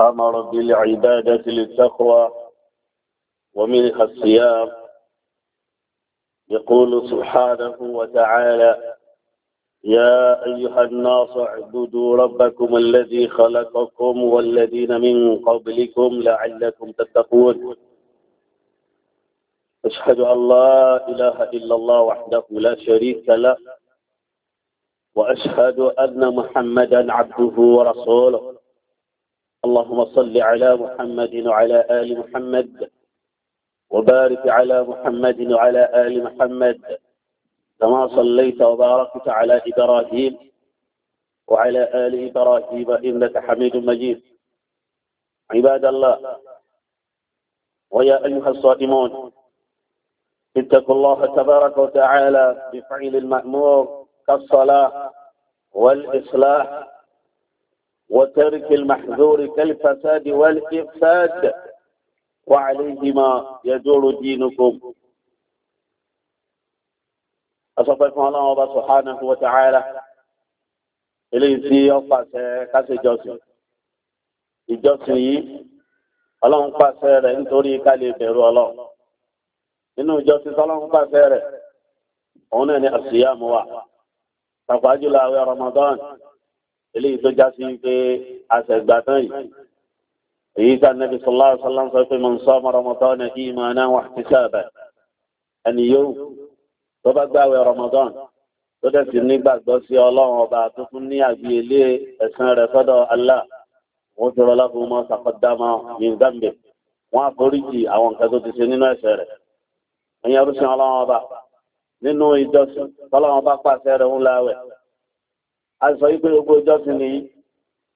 أمر بالعبادة للتقوى ومنها الصيام يقول سبحانه وتعالى يا أيها الناس اعبدوا ربكم الذي خلقكم والذين من قبلكم لعلكم تتقون أشهد أن لا إله إلا الله وحده لا شريك له وأشهد أن محمدا عبده ورسوله اللهم صل على محمد وعلى آل محمد وبارك على محمد وعلى آل محمد كما صليت وباركت على إبراهيم وعلى آل إبراهيم إنك حميد مجيد عباد الله ويا أيها الصائمون اتقوا الله تبارك وتعالى بفعل المأمور كالصلاة والإصلاح وترك المحذور كالفساد والإفساد وعليهما يدور دينكم أصبحكم الله سبحانه وتعالى eléyìí tí ó pàṣẹ káṣe ìjọsìn ìjọsìn yìí ọlọ́run pàṣẹ rẹ̀ nítorí ká lè bẹ̀rù ọlọ́run nínú ìjọsìn tọ́lọ́run pàṣẹ rẹ̀ òun náà ni àṣìyàmù wà pàpà jùlọ àwẹ̀ Ramadan eléyìí tó já sí pé àṣẹgbà tán yìí èyí tá nẹ́bí sallallahu alaihi wasallam sọ pé man sama Ramadan ní imanan wa ihtisaban ẹni yóò tó bá gbààwẹ̀ Ramadan tó dẹ̀ sí nígbàgbọ́ sí ọlọ́run ọba tó fún ní àgbéyẹlé ẹ̀san rẹ̀ sọ́dọ̀ Allah wọ́n ti rọlá fún ọmọ sàkọ́dámọ́ ní gbàmbé wọ́n àforíjì àwọn nǹkan tó ti ṣe nínú ẹ̀ṣẹ̀ rẹ̀ ẹ̀yin arúṣin ọlọ́run ọba nínú ìjọsìn tọ́lọ́run ọba pàṣẹ rẹ̀ ń láwẹ̀ a sọ wípé gbogbo ọjọ́ sí ni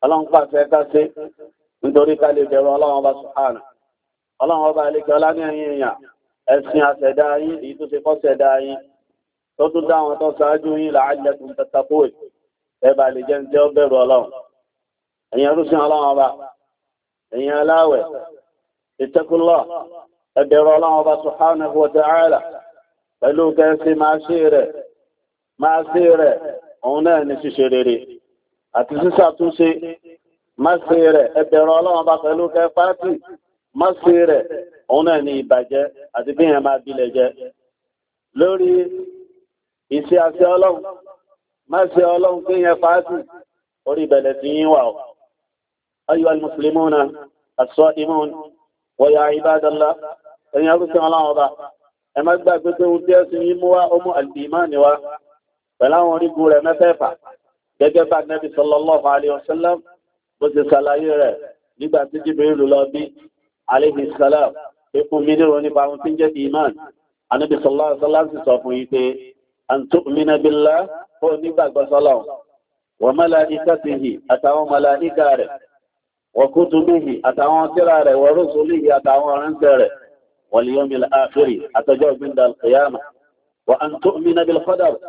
ọlọ́run pàṣẹ ká sí nítorí ká lè bẹ̀rù ọlọ́run ọba sùhánà ọlọ́run ọba àlekẹ́ ọlá ní ẹ̀yìn èèyàn ẹ̀sìn àṣẹ̀dá yín èyí tó ṣe kọ́ ṣẹ̀dá yín tó tún dá tó ṣáájú yín làálẹ́kùn tàtàkùwẹ̀ ẹ̀bà òun náà ni ṣíṣe rere àti ṣíṣàtúnṣe má ṣe rẹ̀ ẹbẹ̀rún ọlọ́run bá pẹ̀lú kẹ pátì má ṣe rẹ̀ òun náà ni ìbàjẹ́ àti bí yẹn máa bilẹ̀ jẹ lórí ìṣe àṣẹ ọlọ́run má ṣe ọlọ́run pé yẹn orí ìbẹ̀lẹ̀ ti yín wà ọ́ muslimuna as-sa'imun wa ya ibadallah arúgbó ọlọ́run ọba ẹ má gbàgbé pé ohun tí ẹ̀sìn yín mú wá ó mú pẹ̀lú àwọn orígun rẹ̀ mẹ́fẹ̀ẹ̀fà gẹ́gẹ́ bá nẹ́bí sallallahu alaihi wasallam bó ti ṣàlàyé rẹ̀ nígbà tí Jibril lọ bí alaihi salam ikú mi nírò nípa ohun tí ń jẹ́ ti iman anábì sallallahu alaihi wasallam sì sọ fún yí pé an tu'mina billah kó nígbàgbọ́ sọ́lọ́run wa malaikatihi àtàwọn màláìkà rẹ̀ wa kutubihi àtàwọn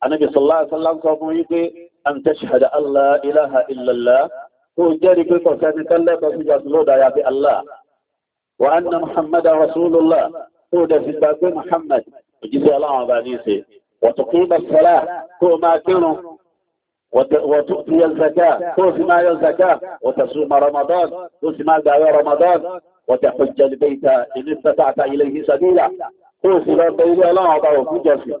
anábì sallallahu alaihi wasallam sọ fún yín pé an tashhada allah ilaha illallah tó jẹ́rìí pé kọ̀ọ̀kan ní kálẹ̀ kan sí jàdùn lóòdà yàfi allah wa anna muhammad rasulullah tó dẹ̀ fi gbà pé muhammad òjíṣẹ́ ọlọ́run ọba ní ṣe wọ̀tùkúnbà sọ́lá kó máa kírun وتؤتي الزكاة توفي ما الزكاة وتصوم رمضان توفي ما دعوة رمضان وتحج البيت إن استطعت إليه سبيلا توفي رب إلي الله وضعه في جسد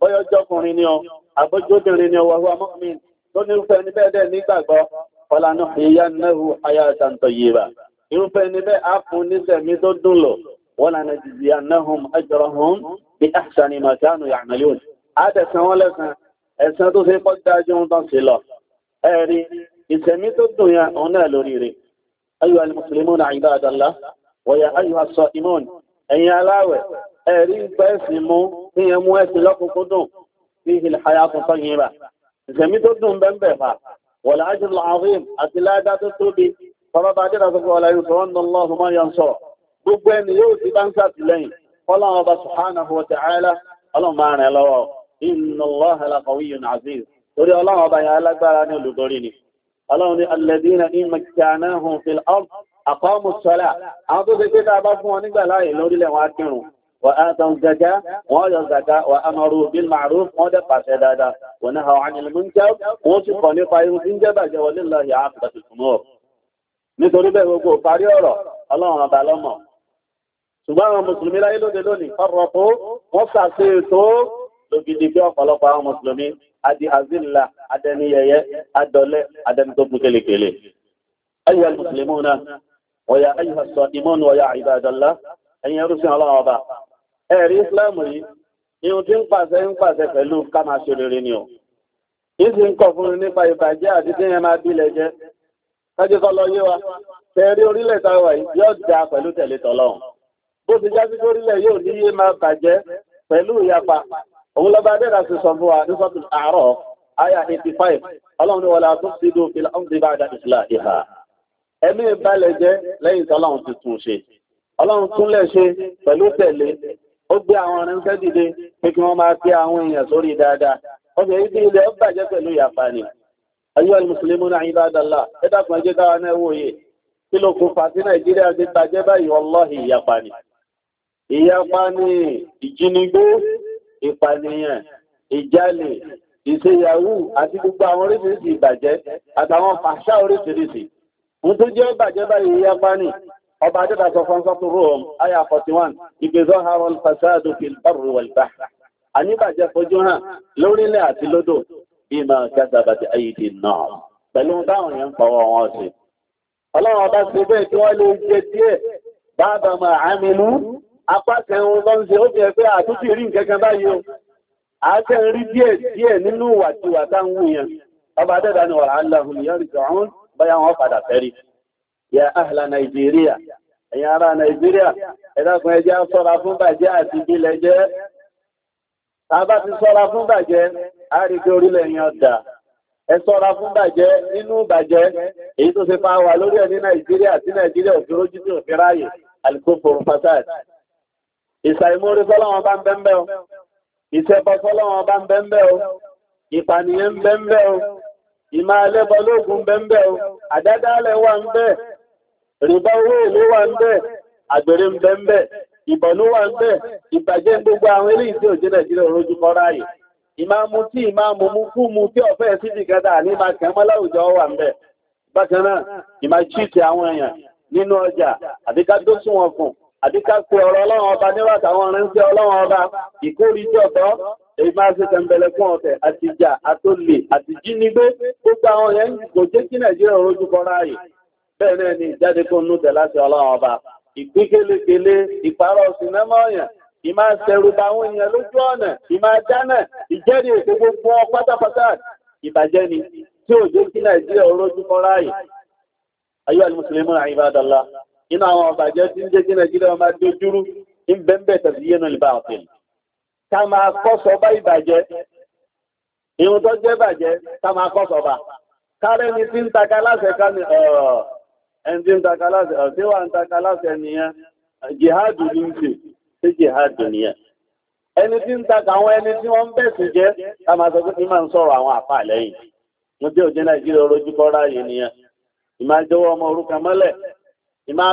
bọ́yọ́ jọkùnrin ni ọ àbójóbìnrin ni ọwọ́ amọ́min tó nírúfẹ́ ní bẹ́ẹ̀ dẹ̀ nígbàgbọ́ ọlànà ìyánáhù ayáṣàntọ̀ yìíra irúfẹ́ ní bẹ́ẹ̀ á fún nísẹ̀mí tó dùn lọ wọ́n lànà jìjì anáhùn ajọrọ aláwẹ̀ ẹ̀rí ń pẹ́ sí mú kí yẹn mú ẹ̀sìn lọ́kùnkúndùn sí ilẹ̀ hayatun tayyiba ìṣẹ̀mí tó dùn bẹ́ẹ̀ fà wọ̀lá ajrul azim àti ládá tó tóbi bàbá bá dé lọ́sọ̀kọ̀ wọ̀lá yóò sọ̀rọ̀ nà lọ́hùn máa yan sọ̀rọ̀ gbogbo ẹni yóò ti bá ń sàtìlẹ́yìn ọlọ́run ọba subhanahu wa ta'ala ọlọ́run máa rìn lọ́wọ́ inna Allaha laqawiyyun aziz torí ọlọ́run ọba yẹn alágbára àwọn tó ṣe pé tá a bá fún wọn nígbà láàyè lórílẹ̀ wọn á kírun وآتوا الزكاة وآتوا الزكاة وأمروا بالمعروف وآتوا الزكاة ونهوا عن المنكر وشقوا نقايم إنجبا ولله عاقبة الأمور nítorí bẹ́ẹ̀ gbogbo parí ọ̀rọ̀ ọlọ́run ọba lọ́mọ̀ ṣùgbọ́n àwọn mùsùlùmí láyé lóde lónìí fọ́rọ̀kó wọ́n sàṣe ètò lògidì bí ọ̀pọ̀lọpọ̀ àwọn mùsùlùmí adi azilla adẹniyẹyẹ adọlẹ adẹnitókun kelekele ayé mùsùlùmí náà wọ̀yà ayé sọ ìmọ̀nù wọ̀yà ìbàdàlá ẹ̀yìn ẹrúsìn ọlọ́run ọba ẹ̀rí islam yìí ihun tí ń pàṣẹ ń pàṣẹ pẹ̀lú ká máa ṣe rere ni ọ̀ ìsì ń kọ̀ fún nípa ìbàjẹ́ àti tí yẹn máa bílẹ̀ jẹ́ lọ yé wa tẹ̀rí orílẹ̀ táwa yìí yóò da pẹ̀lú tẹ̀lé tọ́lọ́run bó ti jásí pé orílẹ̀ yóò ní yé máa bàjẹ́ pẹ̀lú ìyapa òun lọ́ba sọ fún wa ní sọ́tù àárọ̀ 85 ọlọ́run ni wọlé àtúnṣídó ti bá a ti ó gbé àwọn ọ̀rẹ́ńsẹ́ dìde pé kí wọ́n máa fi àwọn èèyàn sórí dáadáa ọbẹ̀ ibi ilẹ̀ ó bàjẹ́ pẹ̀lú ìyàpá ni ayọ́ alìmùsùlùmí náà ìbádàlá ẹ̀dàkùn ẹjẹ́ káwa náà wòye kí ló kó fà sí nàìjíríà ti bàjẹ́ báyìí ọlọ́hì ìyàpá ni ìyàpá ni ìjínigbé ìpànìyàn ìjálè ìṣeyàwó àti gbogbo àwọn oríṣiríṣi ìbàjẹ́ àtàwọn fàṣà oríṣiríṣi ọba adẹ́dà sọ fún sọ́tún Rome aya 41 ìgbèzọ́ harold fasado fil barri wal bahr àníbàjẹ́ fojú hàn lórílẹ̀ àti lódò bí ma kẹsàbàtì ayédè náà pẹ̀lú báwọn yẹn ń pọ̀wọ́ wọn sí ọlọ́run ọba sí bẹ́ẹ̀ kí wọ́n lè jẹ díẹ̀ bàbá ma àmìlú apá kẹrin lọ́n ṣe ó bẹ̀rẹ̀ pé àtúntì rí nǹkan báyìí o àákẹ́ rí díẹ̀ díẹ̀ nínú wàtiwà táwọn yẹn ọba adẹ́dà ni wàhálà hùn yẹn rí ya ahla nàìjíríà ẹ̀yin ara nàìjíríà ẹ dákun sọ́ra fún bàjẹ́ àti ìbílẹ̀ jẹ́ a bá ti sọ́ra fún bàjẹ́ á orílẹ̀ yẹn dà ẹ sọ́ra fún bàjẹ́ nínú bàjẹ́ èyí tó ṣe fa wà lórí ẹni nàìjíríà tí òfin rójú tí òfin rìbá owó èlé wà ń bẹ̀ àgbèrè ń bẹ ń bẹ̀ ìbọ̀nú wà ń bẹ̀ ìbàjẹ́ gbogbo àwọn eléyìí tí ò jẹ́ nàìjíríà rojú kọ́ ráàyè ìmáàmù tí ìmáàmù mú kú mu tí ọ̀fẹ́ sí ìkẹta ní máa kàn mọ́ láwùjọ wà ń bẹ̀ bákan náà ìmá chíìtì àwọn èèyàn nínú ọjà àbí ká tó sún wọn fún àbí ká pe ọ̀rọ̀ ọlọ́run ọba níwà táwọn ránṣẹ́ ọlọ́run ọba ìkórìíjọ tọ́ èyí máa ṣe tẹ̀m̀bẹ̀lẹ̀ fún ọ̀tẹ̀ àti ìjà àtòlè àti jínigbé gbogbo àwọn yẹn kò jẹ́ kí nàìjíríà rojú kọ́ bẹ́ẹ̀ náà ni ìjáde kó nú tẹ̀ láti ọlọ́run ọba ìpínkélekele ìparọ́ sinimá ọ̀yàn ìmá ṣẹ̀rù bá àwọn èèyàn lójú ọ̀nà ìmá jánà ìjẹ́rìí ètò gbogbo wọn pátápátá ìbàjẹ́ ni tí ò jẹ́ kí nàìjíríà orójú mọ́ ráàyè ayé alùmùsùlùmí àìbádọ́lá iná àwọn ọ̀bàjẹ́ tí ń jẹ́ kí nàìjíríà ọmọ adójúrú ń bẹ́ńbẹ́ tàbí yẹnu ìbá ọ̀tẹ̀ ká máa kọ́ sọba ìbàjẹ́ ìhun bàjẹ́ ká máa kọ́ sọba kárẹ́ni tí ń taka láṣẹ ká ní ọ̀ọ́ E ẹni tí ń ta kaláṣẹ jihadu ní jihadu ẹni tí ń àwọn ẹni tí jẹ́ ká máa sọ pé kí máa àwọn àpá lẹ́yìn mo jẹ́ òjẹ́ nàìjíríà olójú kọ́ ráàyè nìyẹn ìmá ọmọ òrukàn mọ́lẹ̀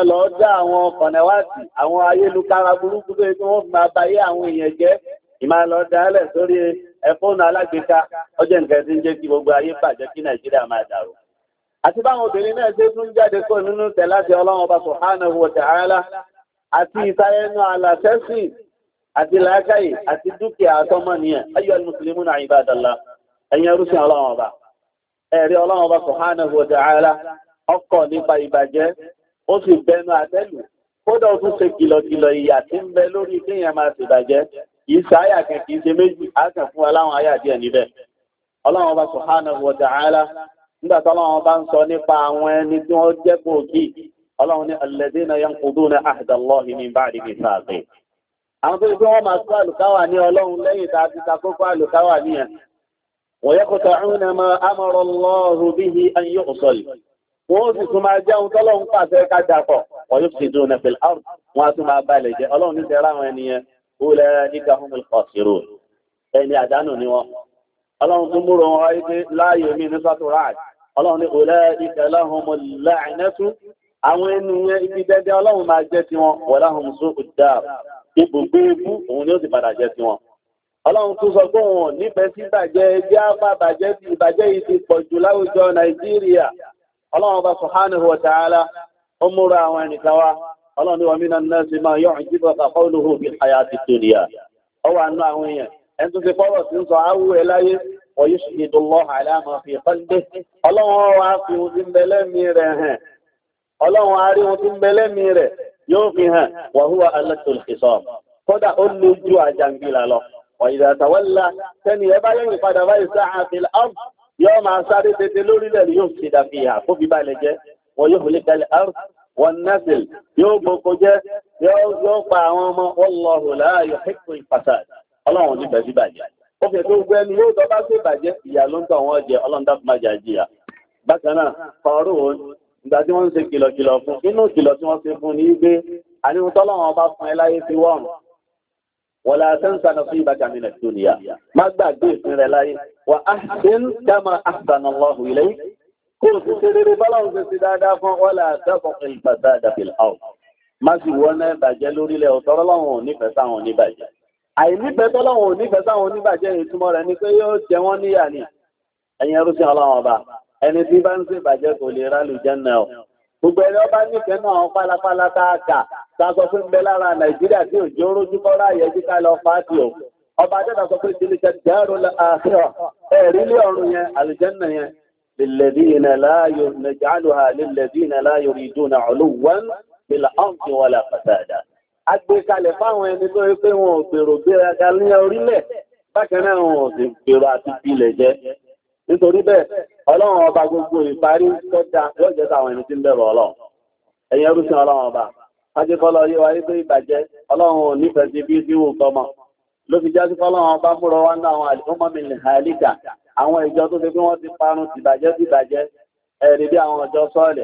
lọ dá àwọn àwọn burúkú máa bayé àwọn èèyàn ìmá lọ sórí alágbèéká nǹkan ń kí gbogbo ayé àti báwọn obìnrin náà ṣe tún jáde kó nínú tẹ̀láti ọlọ́run ọba subhanahu wa ta'ala àti ìtayẹnu àlàfẹ́sì àti làákàyè àti dúkìá àtọmọnìyàn ayyuhal muslimuna ibadallah ẹ̀yin ẹrúsìn ọlọ́run ọba ẹ̀rí ọlọ́run ọba subhanahu wa ta'ala ọkọ̀ nípa ìbàjẹ́ ó sì bẹnu àtẹ́lù kódà ó tún ṣe kìlọ̀kìlọ̀ ìyà tí ń ọlọ́run ọba subhanahu wa ta'ala nígbà tọ́lọ́wọ́n bá ń sọ nípa àwọn ẹni tí wọ́n jẹ́ gbòógì ọlọ́run ní alladhina yanquduna ahda Allahi min ba'di mithaqih àwọn tó gbé wọn máa sọ àlùkáwà ní ọlọ́run lẹ́yìn tá a ti ta àlùkáwà nìyẹn wa yaqta'una ma amara Allahu ní sẹ́ra àwọn ẹni àdánù ni wọn ọlọ́run tún múrò wọn wáyé pé láàyè mi ní sọ́tù ọlọ́run ní ulaika lahumul la'natu àwọn ènìyàn ibi dẹ́dẹ́ ọlọ́run máa jẹ́ ti wọn wa lahum su'ud dar ibùgbé ibú òun ni ó sì padà jẹ́ ti wọn ọlọ́run tún sọ pé wọn ò nífẹ̀ẹ́ sí bàjẹ́ ẹgbẹ́ àpá bàjẹ́ ti ìbàjẹ́ yìí ti pọ̀ jù láwùjọ nàìjíríà ọlọ́run ọba subhanahu wa ta'ala ó múra àwọn ẹnìkan wa ọlọ́run ní wa minan nasi ma yu'jibuka qawluhu fil ويشهد الله على ما في قلبه الله عافي وزنبلامي رهان الله عاري وزنبلامي ره يوفيها وهو ألت الخصام قد أقول جوا جنبيل الله وإذا تولى كان يبالي قد ساعة في الأرض يوم عساري تدلوري ليفسد فيها ففي بالك ويهلك الأرض والنسل يوم كجا يوم يوم والله لا يحب الفساد الله نبذي بالك ọkẹ̀ tó gbẹ́ ni yóò tọ́bá sí ìbàjẹ́ ìyà ló ń tọ̀ wọ́n jẹ ọlọ́ndàkùnmájà jìyà bákan náà kọrù òun ìgbà tí wọ́n ń ṣe kìlọ̀kìlọ̀ fún inú kìlọ̀ tí wọ́n ṣe fún ní gbé àníhun tọ́lọ́wọ́n bá fún ẹ láyé fi wọ́n wọ́n la ṣe ń sànà fún ìbàkà mi nàìjíríà dúnìyà má gbàgbé ìpín rẹ láyé wà á ṣe ń dámà àṣànà lọ́hùn ilé kó o sì àìnífẹ̀ẹ́ tọ́lọ́wọ̀n ò nífẹ̀ẹ́ sáwọn oníbàjẹ́ ìtumọ̀ rẹ̀ ni pé yóò jẹ wọ́n níyà ni ẹ̀yin ẹrú sí ọlọ́run ọba ẹni tí bá ń ṣe ìbàjẹ́ kò lè rálù jẹ́nà ọ̀ gbogbo ẹni ọba nífẹ̀ẹ́ náà àwọn pálapàla tá a kà tá a sọ pé ń bẹ lára nàìjíríà tí òjò rójú kọ́ra àyẹ̀jú ká lọ fàájì o ọba adẹ́ta pé a gbé kalẹ̀ fáwọn ẹni tó rí pé wọn ò gbèrò gbéraga ní orílẹ̀ bákan náà wọn ò sì gbèrò àti pilẹ̀ jẹ́ nítorí bẹ́ẹ̀ ọlọ́run ọba gbogbo ìparí kọjá yóò jẹ́ táwọn ẹni tí ń bẹ̀rù ọlọ́run ẹ̀yin ẹrúsìn ọlọ́run ọba ajẹ́kọ́lọ́ yíwa wípé ìbàjẹ́ ọlọ́run ò nífẹ̀ẹ́ sí bí sí wù tọmọ ló fi jásí fọ́lọ́run ọba múrọ wá ní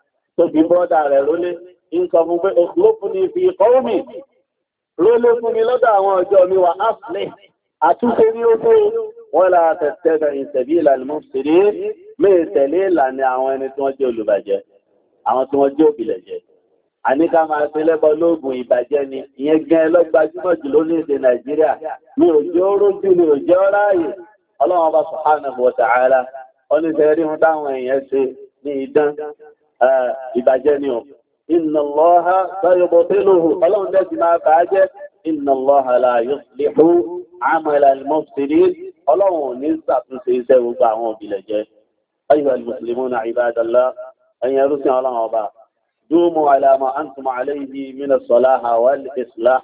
tó bí bọ́dà rẹ̀ rólé nǹkan fún pé fi ìkọ́wọ́ mi rólé fún mi lọ́dọ̀ àwọn ọjọ́ mi wà áfìlẹ̀ àtúnṣe ní ó pé wọ́n la tẹ̀tẹ̀ ìtẹ̀bí ìlànà mọ́ sírí mẹ́ẹ̀ tẹ̀lé ìlànà àwọn ẹni tí wọ́n jẹ́ olùbàjẹ́ àwọn tí wọ́n jẹ́ ṣe ni ìyẹn gan ẹlọ́gbajúmọ̀ jù lórílẹ̀-èdè nàìjíríà subhanahu wa ta'ala ọ́nìṣẹ́ rí wọn táwọn èèyàn ṣe ní idán ìbàjẹ́ ni ọ̀ ìnàlọ́ha sáyọ̀bọ̀ tẹ́lòhù ọlọ́run lẹ́sì máa bàájẹ́ ìnàlọ́ha láàyò lèhu àmàlà ìmọ̀sílì ọlọ́run ní ṣàtúnṣe iṣẹ́ gbogbo àwọn òbílẹ̀ jẹ́ ayọ̀ alìmùsùlùmù náà ìbádọ́lá ẹ̀yìn ẹrúsìn ọlọ́run ọba dúmọ̀ àlàmà àǹtùmọ̀ àlẹ́yìí mìíràn sọ́lá àwọ̀lì ìsìlá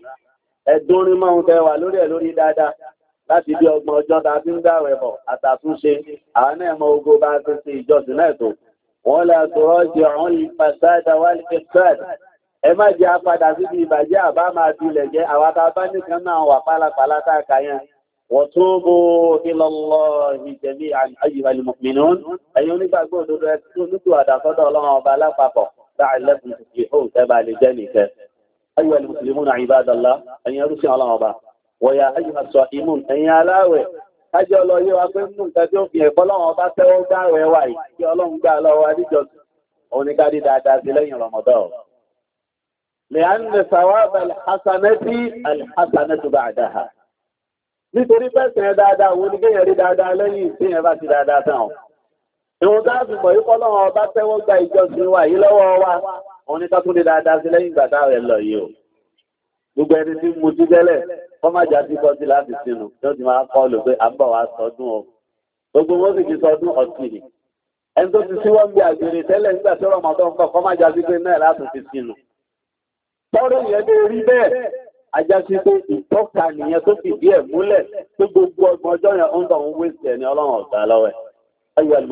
ẹ̀dùnrin máa ń tẹ́ wà lórí ẹ̀ lórí dáadáa láti bí ọgbọ̀n ọjọ́ ta ń dáwẹ̀ bọ̀ àtàtúnṣe àwọn náà mọ ogo bá ti ṣe ìjọsìn náà tó ولا تراجعوا الفساد والفساد ẹ má jẹ́ apadà síbi ìbàjẹ́ àbá máa tilẹ̀ jẹ́ àwọn tàbá nìkan náà wà pálapàla táàkà yẹn وتوبوا إلى الله جميعا أيها المؤمنون ẹ̀yin onígbàgbọ́ òdodo ẹ tún nítorí àdàkọ́dọ̀ ọlọ́run ọba alápapọ̀ لعلكم تفلحون tẹ́bà kájọ́ lọ yé wa pé nínú nǹkan tí ó fi ẹ̀kọ́ lọ́wọ́ bá tẹ́wọ́ gbá rẹ̀ wà yìí kí ọlọ́run gbà lọ́wọ́ adíjọ òun ni kárí dáadáa sí lẹ́yìn rọmọdọ́ lẹ́yìn sàwábà alhassanati alhassanatu bá àdáhà nítorí pẹ́sẹ̀ yẹn dáadáa òun ni kéèyàn rí dáadáa lẹ́yìn tí yẹn bá ti dáadáa tán o ìwọ̀n tá a fi mọ̀ yíkọ́ lọ́wọ́ ọba tẹ́wọ́ gba ìjọsìn wa yìí lọ́wọ́ wa òun ni ká tún lè dáadáa sí lẹ́yìn ìgbà táwọn lọ yìí o gbogbo ẹni tí mo ti tẹ́lẹ̀ kọ́ má jà síkọ́ sí láti sínú tó ti máa kọ́ lò pé àbọ̀ wa sọdún ọ gbogbo wọn sì ti sọdún ọ̀sìn yìí ẹni tó ti sí wọn bí àgbèrè tẹ́lẹ̀ nígbà tí ọ̀rọ̀ mọ̀tọ́ nǹkan kọ́ má jà sí pé náà láti fi sínú tọ́rọ yẹn lè rí bẹ́ẹ̀ ajá sí pé ìtọ́ka nìyẹn tó fìdí ẹ̀ múlẹ̀ tó gbogbo ọgbọ̀n ọjọ́ yẹn ń dọ̀ ń wé sí ẹni ọlọ́run ọ̀gá lọ́wẹ̀ ayyuhal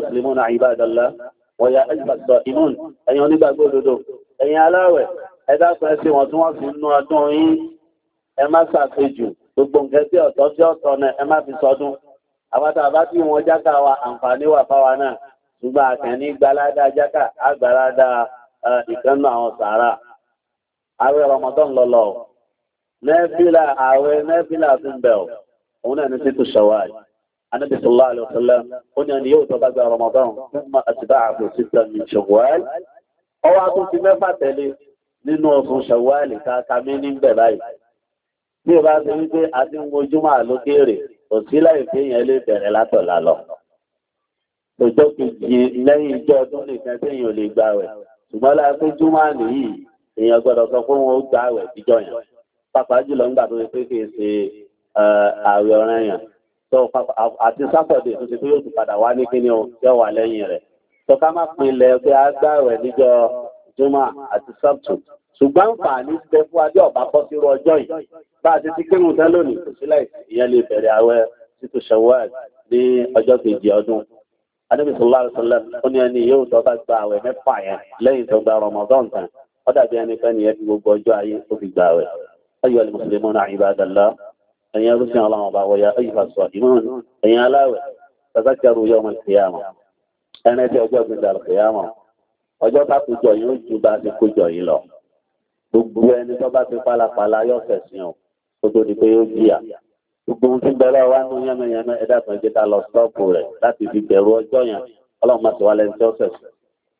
ẹ má ṣàfihàn gbogbo nǹkan tí ọ̀tọ̀ sí ọ̀tọ̀ náà ẹ má fi sọdún àbátà bá tí wọn jáka wa àǹfààní wà fáwa náà ṣùgbọ́n àkànní gbalada jáka àgbàlada ìkànnà àwọn sàárà àwẹ̀ Ramadan lọlọ nẹfìlà àwẹ̀ nẹfìlà tó ń bẹ ọ òun náà ní títù ṣàwáì anábì sallallahu alaihi wasallam ó ní ẹni yóò tó Ramadan fún àtìbá àbò títà ní ṣàwáì ọwọ́ akúntì mẹ́fà tẹ̀lé nínú ọ̀sùn ṣàwáì káàkà ní bẹ̀ báyìí bí o bá ti ń pé a ti ń mojúmọ́ àlókèrè kò sí láì pé yẹn lè bẹ̀rẹ̀ látọ̀la lọ. ọjọ́ kejì lẹ́yìn ijọ́ ọdún nìkan téèyàn lè gbà wẹ̀ ṣùgbọ́n láì pé júmọ́ nìyí èèyàn gbọ́dọ̀ sọ pé wọ́n gbà wẹ̀ jíjọ yẹn pàápàá jùlọ ńgbà tó ṣe pé kì í ṣe ààwẹ̀ ọ̀rẹ́ yẹn tó àti sátọ̀dé tó ṣe pé yóò ti padà wá ní kíní yóò wà lẹ́yìn rẹ̀ tó má pinlẹ̀ pé a gbà wẹ̀ níjọ́ júmọ́ àti sábtù ṣùgbọ́n fàánì bẹ fún adé ọ̀bá bọ́ sí irú ọjọ́ yìí bá a ti ti kírun tán lónìí kò sí láì ìyẹn lè bẹ̀rẹ̀ àwẹ̀ títún Shawwal ní ọjọ́ kejì ọdún Ànábì sallallahu alaihi wasallam ó ní ẹni yóò tọ́ bá gba àwẹ̀ mẹ́fà yẹn lẹ́yìn tó gba Ramadan tán ó dàbí ẹni pẹ́ nìyẹn fi gbogbo ọjọ́ ayé ó fi gba àwẹ̀ ayọ̀ al-muslimuna ibadallah ẹ̀yin arúgbó ọlọ́run ọba wọ̀ya ayífa sọ ìmọ̀ọ́nù ẹ̀yin aláwẹ̀ tazakaru yawm al-qiyamah ẹ̀rẹ́tẹ̀ gbogbo ẹni tó bá fi pálapàla yóò fẹ̀sìn ọ̀ kó tó di pé yóò jìyà gbogbo ohun tí ń bẹ lọ́wọ́ wá nú yẹ́mẹ̀yẹ́mẹ́ ẹ̀dá kan jẹ́ ká lọ sọ́ọ̀pù rẹ̀ láti fi bẹ̀rù ọjọ́ yẹn ọlọ́run máa tẹ̀wá lẹ́ni tó fẹ̀sìn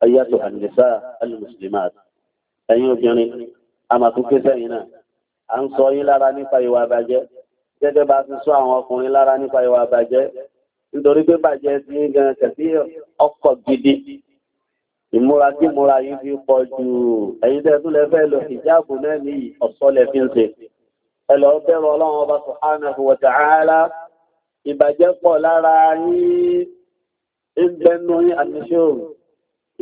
ẹ̀yà tó ànìsá al-muslimat ẹ̀yin obìnrin a máa tún ké sẹ́yìn náà à ń sọ yín lára nípa ìwà àbàjẹ́ gẹ́gẹ́ bá ti sọ àwọn ọkùnrin lára nípa ìwà àbàjẹ́ nítorí pé bàjẹ́ ti ń gan kẹ̀sí ọkọ̀ gidi ìmúra tí múra yìí fi pọ̀ jù ẹ̀yin tẹ́ tó lẹ fẹ́ lọ ìjáàbù náà ní ọ̀sọ́ lẹ fi ń ṣe ẹlọ bẹ̀rù ọlọ́run ọba subhanahu wa ta'ala ìbàjẹ́ pọ̀ lára yín ìgbẹ́nu yín àtúnṣòro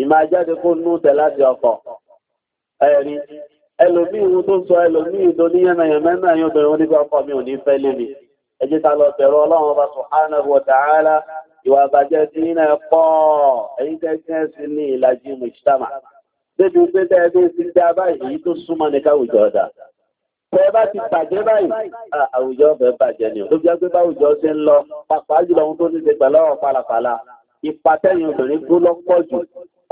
ìmájáde kó nú tẹ̀ láti ọkọ̀ ẹ̀rí ẹlòmíì ohun tó sọ ẹlòmíì tó ní yánnayànmẹ́nà yóò bẹ̀rẹ̀ wọn ọkọ̀ mi ò ní fẹ́ lé mi ẹ lọ bẹ̀rù ọlọ́run ọba subhanahu wa ìwà àbàjẹ́ ti iná pọ̀ ẹ̀yìn tẹ́kẹ́ sí ní ìlàjì mùsítàmà débi pé tẹ́ẹ̀bí ti dá báyìí èyí tó súnmọ́ ní káwùjọ ọ̀dà tẹ́ẹ̀ bá ti bàjẹ́ báyìí àwùjọ ọ̀fẹ́ bàjẹ́ ni ó jẹ́ pé báwùjọ ṣe ń lọ pàpà jùlọ ohun tó ní ṣe pẹ̀lú ọ̀rọ̀ pàlàpàlà ipa tẹ́yìn obìnrin kú lọ́pọ̀ jù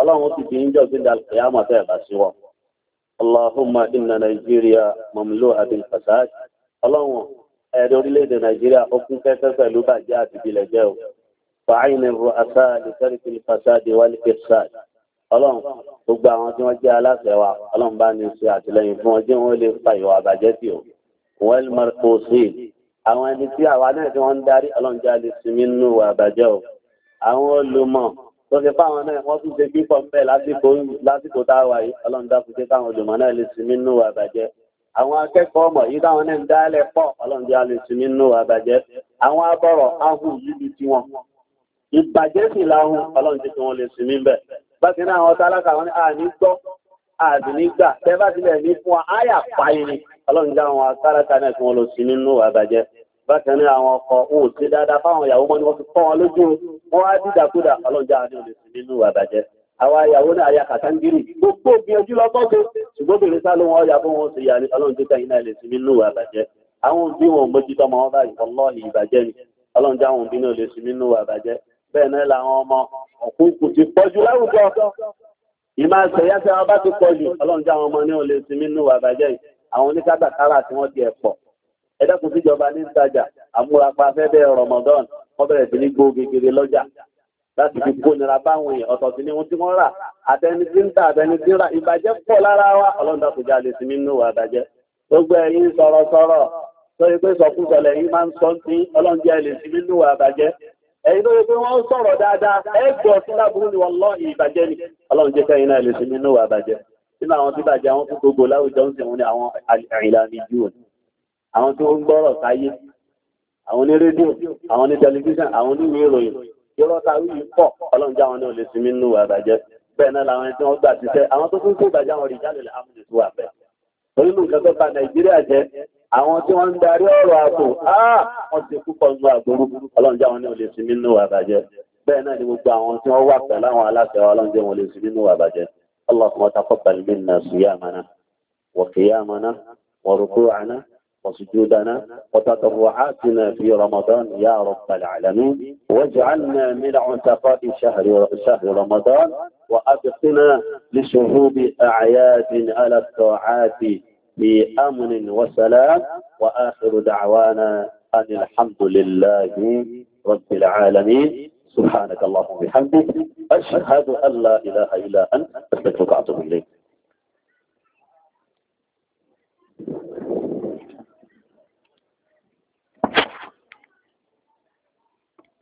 ọlọ́run ti fi ń jọ sí dàlùkì àmọ́ tẹ́ẹ̀ bá fàáyìn rọ̀ṣà lùtẹ́rìkì fàṣàdì wà lùfẹ̀ṣàd ọlọ́run gbogbo àwọn tí wọ́n jẹ́ aláṣẹ wa ọlọ́run bá ní ṣe àtìlẹ́yìn fún ọjọ́ wọn lè fa جوان داري ألون جالس wọ́n mọ̀rẹ́ أو sí àwọn ẹni tí àwa náà tí wọ́n ń darí ọlọ́run jẹ́ alẹ́sìnmí nínú ìwà àbàjẹ́ o àwọn olùmọ̀ tó ṣe fáwọn náà wọ́n tún ṣe gbígbọ́ ń bẹ̀ lásìkò tá a wà ọlọ́run dákun ṣe káwọn olùmọ̀ náà lè sinmi nínú ìwà àbàjẹ́ àwọn akẹ́kọ̀ọ́ ọmọ yìí táwọn náà ń dálẹ̀ pọ̀ ọlọ́run jẹ́ alẹ́sìnmí nínú ìwà àbàjẹ́ àwọn abọ́rọ̀ áhùn yìí ti wọn ìbàjẹ́ sì láhùn ọlọ́run ti fi wọn lè sinmi ń bẹ̀. bákan náà àwọn tálákà wọn ni a ní gbọ́ a sì ní gbà tẹ́ bá tilẹ̀ ní fún wa áyà páyé ni ọlọ́run já àwọn tálákà náà fi wọn lọ sí nínú àbàjẹ́. bákan náà àwọn ọkọ wọn ò sí dáadáa fáwọn ìyàwó mọ́ ni wọ́n fi kọ́ wọn lójú wọn á dídàkúdà ọlọ́run já àwọn lè sí nínú àbàjẹ́. àwa ìyàwó náà aya kàtàngírì gbogbo gbìyànjú lọ́gbọ́gbẹ́ ṣùgbọ́n bèrè bẹ́ẹ̀ náà làwọn ọmọ òkúkù ti pọ̀jù láwùjọ ìmá àṣẹyáṣẹ́ wọn bá ti pọ̀jù ọlọ́run jáwọn ọmọ ní olè sinmi nù àbájẹ́ yìí àwọn oníkátàkárà tí wọ́n ti ẹ̀ pọ̀ ẹ̀dẹ́kùn síjọba ní ìtajà àmúrapa fẹ́ bẹ́ẹ̀ Ramadan wọ́n bẹ̀rẹ̀ sí ní gbó gegere lọ́jà láti fi kó nira báwọn èèyàn ọ̀tọ̀ sí ni wọ́n tí wọ́n rà àtẹni tí ń tà àtẹni tí ń rà ìbàjẹ́ pọ̀ lára wa ọlọ́run dàkújà lè sinmi nù àbájẹ́ gbogbo ẹ̀yin sọ̀rọ̀ sọ̀rọ̀ sọ pé sọkúsọ lẹ́yìn máa ń sọ sí ọlọ́run jẹ́ lè sinmi nù àbájẹ́ ẹ̀yìn tó yẹ pé wọ́n sọ̀rọ̀ dáadáa ẹgbọ́ sí lábúrú ni wọ́n lọ́ ìbàjẹ́ ni ọlọ́run jẹ́ kẹ́yìn náà lè ṣe nínú wà bàjẹ́ nínú àwọn tí bàjẹ́ àwọn tó gbogbo láwùjọ ń sẹ̀wọ̀n ní àwọn àìlànà ìjú òní àwọn tó ń gbọ́rọ̀ sáyé àwọn ní rédíò àwọn ní tẹlifíṣàn àwọn ní ìwé ìròyìn yọrọ ta àwọn tí wọ́n ń darí ọ̀rọ̀ ààbò áà wọ́n ti kú kọ́nù àgbòrú ọlọ́njẹ́ àwọn náà lè sí nínú si mínú bẹ́ẹ̀ náà ni gbogbo àwọn tí wọ́n wà pẹ̀lú àwọn aláṣẹ ọlọ́njẹ́ wọn lè sí nínú àbàjẹ́ اللهم تقبل منا صيامنا وقيامنا وركوعنا وسجودنا وتطوعاتنا في رمضان يا رب العالمين واجعلنا من عتقاء شهر شهر رمضان وأبقنا لشهود أعياد على الطاعات بأمن وسلام وآخر دعوانا أن الحمد لله رب العالمين سبحانك اللهم وبحمدك أشهد أن لا إله إلا أنت أستغفرك وأتوب إليك